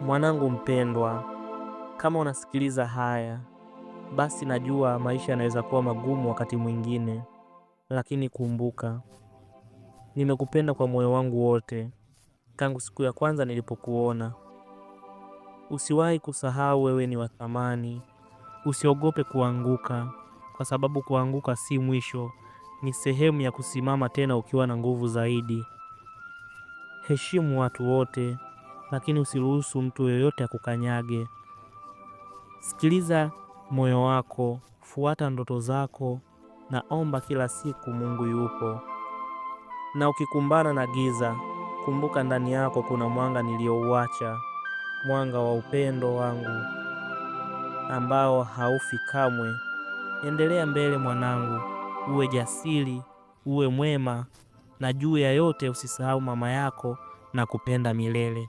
Mwanangu mpendwa, kama unasikiliza haya, basi najua maisha yanaweza kuwa magumu wakati mwingine, lakini kumbuka, nimekupenda kwa moyo wangu wote tangu siku ya kwanza nilipokuona. Usiwahi kusahau, wewe ni wa thamani. Usiogope kuanguka, kwa sababu kuanguka si mwisho, ni sehemu ya kusimama tena ukiwa na nguvu zaidi. Heshimu watu wote, lakini usiruhusu mtu yoyote akukanyage. Sikiliza moyo wako, fuata ndoto zako, na omba kila siku, Mungu yupo. Na ukikumbana na giza, kumbuka ndani yako kuna mwanga niliouacha, mwanga wa upendo wangu ambao haufi kamwe. Endelea mbele mwanangu, uwe jasiri, uwe mwema, na juu ya yote usisahau mama yako na kupenda milele.